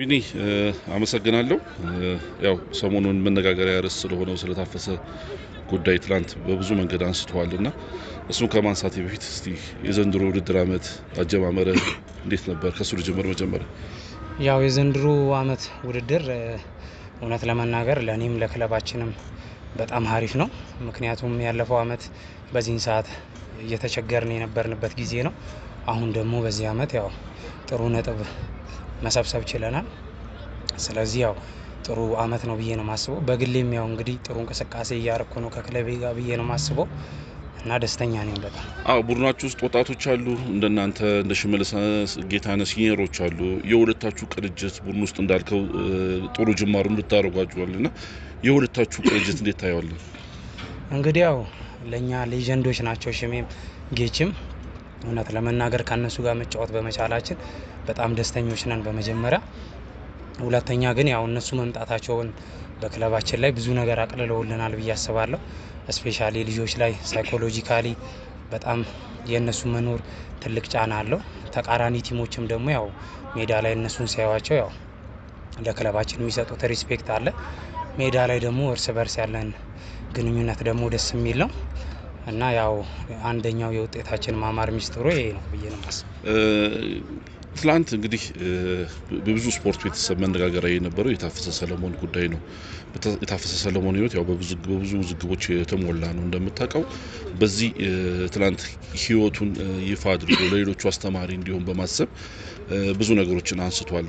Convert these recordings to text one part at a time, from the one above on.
ቢኒ አመሰግናለሁ። ያው ሰሞኑን መነጋገሪያ ርዕስ ስለሆነው ስለታፈሰ ጉዳይ ትላንት በብዙ መንገድ አንስተዋል እና እሱን ከማንሳቴ በፊት እስቲ የዘንድሮ ውድድር ዓመት አጀማመረ እንዴት ነበር? ከሱ ልጀምር። መጀመር ያው የዘንድሮ አመት ውድድር እውነት ለመናገር ለእኔም ለክለባችንም በጣም አሪፍ ነው። ምክንያቱም ያለፈው ዓመት በዚህን ሰዓት እየተቸገርን የነበርንበት ጊዜ ነው። አሁን ደግሞ በዚህ አመት ያው ጥሩ ነጥብ መሰብሰብ ችለናል። ስለዚህ ያው ጥሩ አመት ነው ብዬ ነው ማስበው። በግሌም ያው እንግዲህ ጥሩ እንቅስቃሴ እያረኩ ነው ከክለቤ ጋር ብዬ ነው ማስበው እና ደስተኛ ነኝ በጣም። አዎ ቡድናችሁ ውስጥ ወጣቶች አሉ እንደናንተ እንደ ሽመልስ ጌታነህ ሲኒየሮች አሉ። የሁለታችሁ ቅንጅት ቡድን ውስጥ እንዳልከው ጥሩ ጅማሩ እንድታደርጓችኋል እና የሁለታችሁ ቅንጅት እንዴት ታየዋለን? እንግዲህ ያው ለእኛ ሌጀንዶች ናቸው ሽሜም ጌችም እውነት ለመናገር ከነሱ ጋር መጫወት በመቻላችን በጣም ደስተኞች ነን። በመጀመሪያ ሁለተኛ ግን ያው እነሱ መምጣታቸውን በክለባችን ላይ ብዙ ነገር አቅልለውልናል ብዬ አስባለሁ። እስፔሻሊ ልጆች ላይ ሳይኮሎጂካሊ በጣም የእነሱ መኖር ትልቅ ጫና አለው። ተቃራኒ ቲሞችም ደግሞ ያው ሜዳ ላይ እነሱን ሲያዋቸው ያው ለክለባችን የሚሰጡት ሪስፔክት አለ። ሜዳ ላይ ደግሞ እርስ በርስ ያለን ግንኙነት ደግሞ ደስ የሚል ነው። እና ያው አንደኛው የውጤታችን ማማር ሚስጥሩ ይሄ ነው ብዬ ነው ማስብ ትላንት እንግዲህ በብዙ ስፖርት ቤተሰብ መነጋገሪያ የነበረው የታፈሰ ሰለሞን ጉዳይ ነው። የታፈሰ ሰለሞን ህይወት ያው በብዙ ውዝግቦች የተሞላ ነው እንደምታውቀው። በዚህ ትላንት ህይወቱን ይፋ አድርጎ ለሌሎቹ አስተማሪ እንዲሆን በማሰብ ብዙ ነገሮችን አንስቷል።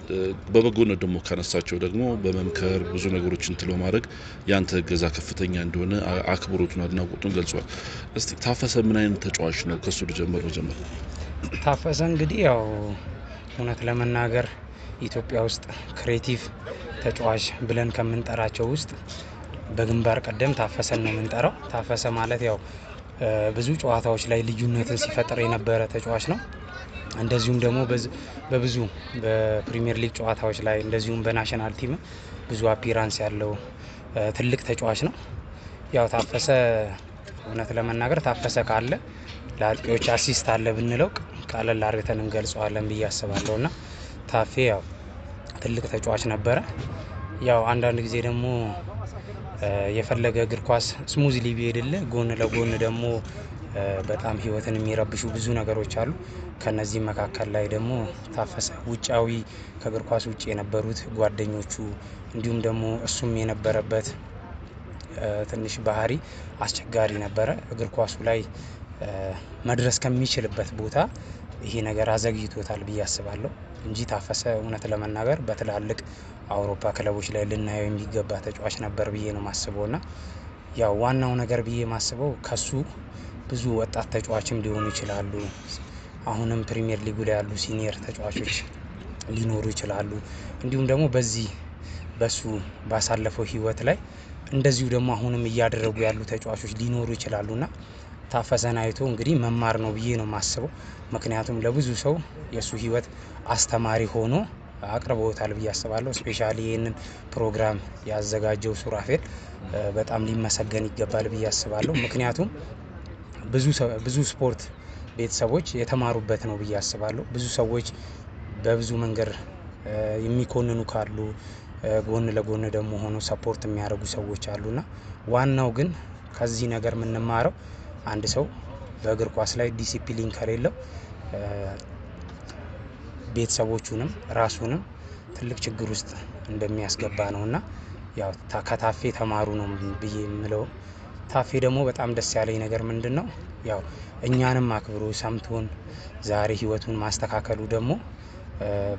በበጎነት ደግሞ ካነሳቸው ደግሞ በመምከር ብዙ ነገሮችን ትሎ ማድረግ ያንተ እገዛ ከፍተኛ እንደሆነ አክብሮቱን አድናቆቱን ገልጿል። እስቲ ታፈሰ ምን አይነት ተጫዋች ነው? ከሱ ልጀምር መጀመር ታፈሰ እንግዲህ ያው እውነት ለመናገር ኢትዮጵያ ውስጥ ክሬቲቭ ተጫዋች ብለን ከምንጠራቸው ውስጥ በግንባር ቀደም ታፈሰን ነው የምንጠራው። ታፈሰ ማለት ያው ብዙ ጨዋታዎች ላይ ልዩነትን ሲፈጥር የነበረ ተጫዋች ነው። እንደዚሁም ደግሞ በብዙ በፕሪሚየር ሊግ ጨዋታዎች ላይ እንደዚሁም በናሽናል ቲም ብዙ አፒራንስ ያለው ትልቅ ተጫዋች ነው። ያው ታፈሰ እውነት ለመናገር ታፈሰ ካለ ለአጥቂዎች አሲስት አለ ብንለው ቀለል አድርገን እንገልጸዋለን ብዬ አስባለሁ እና ታፌ ያው ትልቅ ተጫዋች ነበረ። ያው አንዳንድ ጊዜ ደግሞ የፈለገ እግር ኳስ ስሙዝ ሊቢ ቢሄድል ጎን ለጎን ደግሞ በጣም ህይወትን የሚረብሹ ብዙ ነገሮች አሉ። ከነዚህ መካከል ላይ ደግሞ ታፈሰ ውጫዊ ከእግር ኳስ ውጭ የነበሩት ጓደኞቹ እንዲሁም ደግሞ እሱም የነበረበት ትንሽ ባህሪ አስቸጋሪ ነበረ። እግር ኳሱ ላይ መድረስ ከሚችልበት ቦታ ይሄ ነገር አዘግይቶታል ብዬ አስባለሁ እንጂ ታፈሰ እውነት ለመናገር በትላልቅ አውሮፓ ክለቦች ላይ ልናየው የሚገባ ተጫዋች ነበር ብዬ ነው ማስበው። እና ያው ዋናው ነገር ብዬ ማስበው ከሱ ብዙ ወጣት ተጫዋችም ሊሆኑ ይችላሉ። አሁንም ፕሪሚየር ሊጉ ላይ ያሉ ሲኒየር ተጫዋቾች ሊኖሩ ይችላሉ። እንዲሁም ደግሞ በዚህ በሱ ባሳለፈው ህይወት ላይ እንደዚሁ ደግሞ አሁንም እያደረጉ ያሉ ተጫዋቾች ሊኖሩ ይችላሉ እና ታፈሰን አይቶ እንግዲህ መማር ነው ብዬ ነው የማስበው። ምክንያቱም ለብዙ ሰው የእሱ ህይወት አስተማሪ ሆኖ አቅርቦታል ብዬ አስባለሁ። ስፔሻሊ ይህንን ፕሮግራም ያዘጋጀው ሱራፌል በጣም ሊመሰገን ይገባል ብዬ አስባለሁ። ምክንያቱም ብዙ ስፖርት ቤተሰቦች የተማሩበት ነው ብዬ አስባለሁ። ብዙ ሰዎች በብዙ መንገድ የሚኮንኑ ካሉ ጎን ለጎን ደግሞ ሆኖ ሰፖርት የሚያደርጉ ሰዎች አሉና ዋናው ግን ከዚህ ነገር የምንማረው አንድ ሰው በእግር ኳስ ላይ ዲሲፕሊን ከሌለው ቤተሰቦቹንም ራሱንም ትልቅ ችግር ውስጥ እንደሚያስገባ ነው እና ያው ከታፌ ተማሩ ነው ብዬ የምለው። ታፌ ደግሞ በጣም ደስ ያለኝ ነገር ምንድን ነው ያው እኛንም አክብሮ ሰምቶን ዛሬ ህይወቱን ማስተካከሉ ደግሞ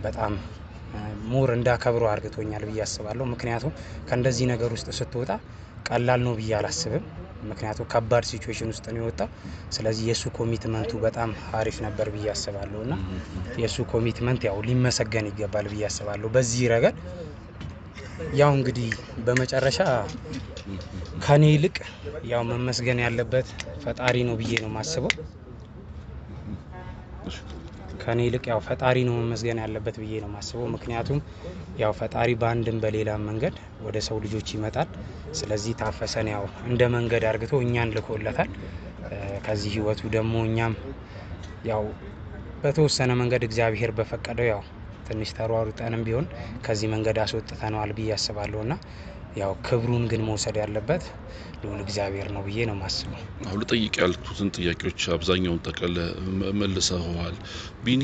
በጣም ሙር እንዳከብሮ አድርግቶኛል ብዬ አስባለሁ። ምክንያቱም ከእንደዚህ ነገር ውስጥ ስትወጣ ቀላል ነው ብዬ አላስብም። ምክንያቱም ከባድ ሲቹዌሽን ውስጥ ነው የወጣው። ስለዚህ የእሱ ኮሚትመንቱ በጣም አሪፍ ነበር ብዬ አስባለሁ እና የእሱ ኮሚትመንት ያው ሊመሰገን ይገባል ብዬ አስባለሁ በዚህ ረገድ ያው እንግዲህ በመጨረሻ ከኔ ይልቅ ያው መመስገን ያለበት ፈጣሪ ነው ብዬ ነው የማስበው። ከኔ ይልቅ ያው ፈጣሪ ነው መመስገን ያለበት ብዬ ነው ማስበው። ምክንያቱም ያው ፈጣሪ በአንድም በሌላ መንገድ ወደ ሰው ልጆች ይመጣል። ስለዚህ ታፈሰን ያው እንደ መንገድ አርግቶ እኛን ልኮለታል። ከዚህ ህይወቱ ደግሞ እኛም ያው በተወሰነ መንገድ እግዚአብሔር በፈቀደው ያው ትንሽ ተሯሩጠንም ቢሆን ከዚህ መንገድ አስወጥተነዋል ብዬ አስባለሁ እና ያው ክብሩን ግን መውሰድ ያለበት ልዑል እግዚአብሔር ነው ብዬ ነው ማስበው። አሁን ልጠይቅ ያልኩትን ጥያቄዎች አብዛኛውን ጠቀለ መልሰዋል። ቢኒ፣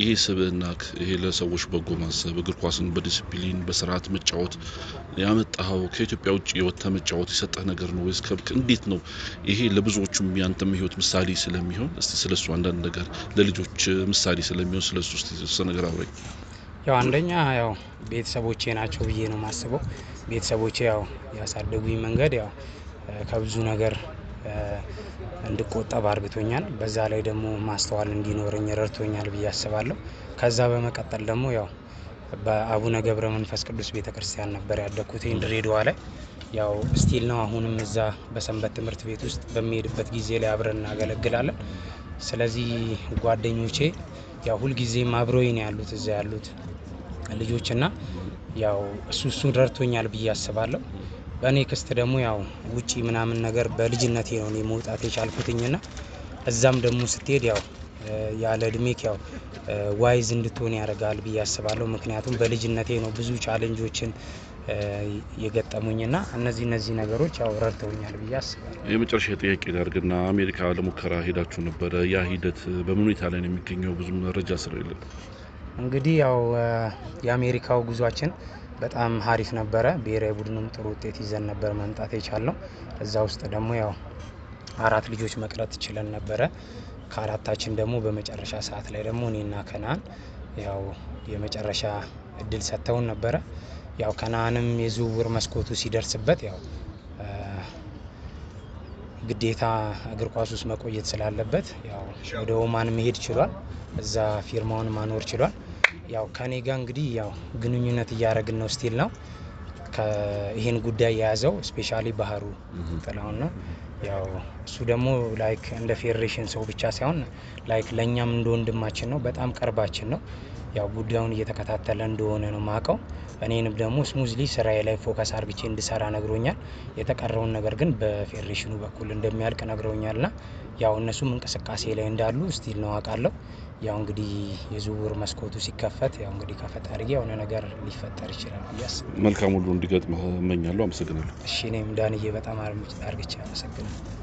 ይሄ ስብዕና ይሄ ለሰዎች በጎ ማሰብ እግር ኳስን በዲስፕሊን በስርዓት መጫወት ያመጣኸው ከኢትዮጵያ ውጭ የወጥተ መጫወት የሰጠህ ነገር ነው ወይስ እንዴት ነው? ይሄ ለብዙዎቹም ያንተም ህይወት ምሳሌ ስለሚሆን እስቲ ስለሱ አንዳንድ ነገር ለልጆች ምሳሌ ስለሚሆን ስለሱ ስ ነገር አውረኝ። ያው አንደኛ ያው ቤተሰቦቼ ናቸው ብዬ ነው ማስበው ቤተሰቦቼ ያው ያሳደጉኝ መንገድ ያው ከብዙ ነገር እንድቆጠብ አርግቶኛል። በዛ ላይ ደግሞ ማስተዋል እንዲኖረኝ ረድቶኛል ብዬ አስባለሁ። ከዛ በመቀጠል ደግሞ ያው በአቡነ ገብረ መንፈስ ቅዱስ ቤተ ክርስቲያን ነበር ያደግኩት ድሬዳዋ ላይ። ያው ስቲል ነው አሁንም እዛ በሰንበት ትምህርት ቤት ውስጥ በሚሄድበት ጊዜ ላይ አብረን እናገለግላለን። ስለዚህ ጓደኞቼ ያው ሁልጊዜም አብረውኝ ነው ያሉት እዛ ያሉት ልጆች እና ያው እሱ እሱን ረድቶኛል ብዬ አስባለሁ። በእኔ ክስት ደግሞ ያው ውጪ ምናምን ነገር በልጅነቴ ነው እኔ መውጣት የቻልኩትኝና እዛም ደግሞ ስትሄድ ያው ያለ እድሜክ ያው ዋይዝ እንድትሆን ያደርጋል ብዬ አስባለሁ። ምክንያቱም በልጅነቴ ነው ብዙ ቻሌንጆችን የገጠሙኝና እነዚህ እነዚህ ነገሮች ያው ረድተውኛል ብዬ አስባለሁ። የመጨረሻ ጥያቄ ና አሜሪካ ለሙከራ ሄዳችሁ ነበረ። ያ ሂደት በምን ሁኔታ ላይ ነው የሚገኘው? ብዙ መረጃ ስለሌለን እንግዲህ ያው የአሜሪካው ጉዟችን በጣም ሀሪፍ ነበረ። ብሔራዊ ቡድኑም ጥሩ ውጤት ይዘን ነበር መምጣት የቻለው እዛ ውስጥ ደግሞ ያው አራት ልጆች መቅረት ችለን ነበረ። ከአራታችን ደግሞ በመጨረሻ ሰዓት ላይ ደግሞ እኔና ከናን ያው የመጨረሻ እድል ሰጥተውን ነበረ ያው ከነአንም የዝውውር መስኮቱ ሲደርስበት ያው ግዴታ እግር ኳስ ውስጥ መቆየት ስላለበት ያው ወደ ኦማን መሄድ ችሏል። እዛ ፊርማውን ማኖር ችሏል። ያው ከኔ ጋር እንግዲህ ያው ግንኙነት እያደረግን ነው። ስቲል ነው ይህን ጉዳይ የያዘው ስፔሻሊ ባህሩ ጥላሁን ነው። ያው እሱ ደግሞ ላይክ እንደ ፌዴሬሽን ሰው ብቻ ሳይሆን ላይክ ለእኛም እንደ ወንድማችን ነው፣ በጣም ቅርባችን ነው። ያው ጉዳዩን እየተከታተለ እንደሆነ ነው ማቀው። እኔንም ደግሞ ስሙዝሊ ስራዬ ላይ ፎከስ አርግቼ እንድሰራ ነግሮኛል። የተቀረውን ነገር ግን በፌዴሬሽኑ በኩል እንደሚያልቅ ነግረውኛልና ያው እነሱም እንቅስቃሴ ላይ እንዳሉ ስቲል ነው አውቃለሁ። ያው እንግዲህ የዝውውር መስኮቱ ሲከፈት ያው እንግዲህ ከፈጣሪ የሆነ ነገር ሊፈጠር ይችላል። መልካም ሁሉ እንዲገጥምህ እመኛለሁ። አመሰግናለሁ። እሺ እኔም ዳንዬ በጣም አርግቼ አመሰግናለሁ።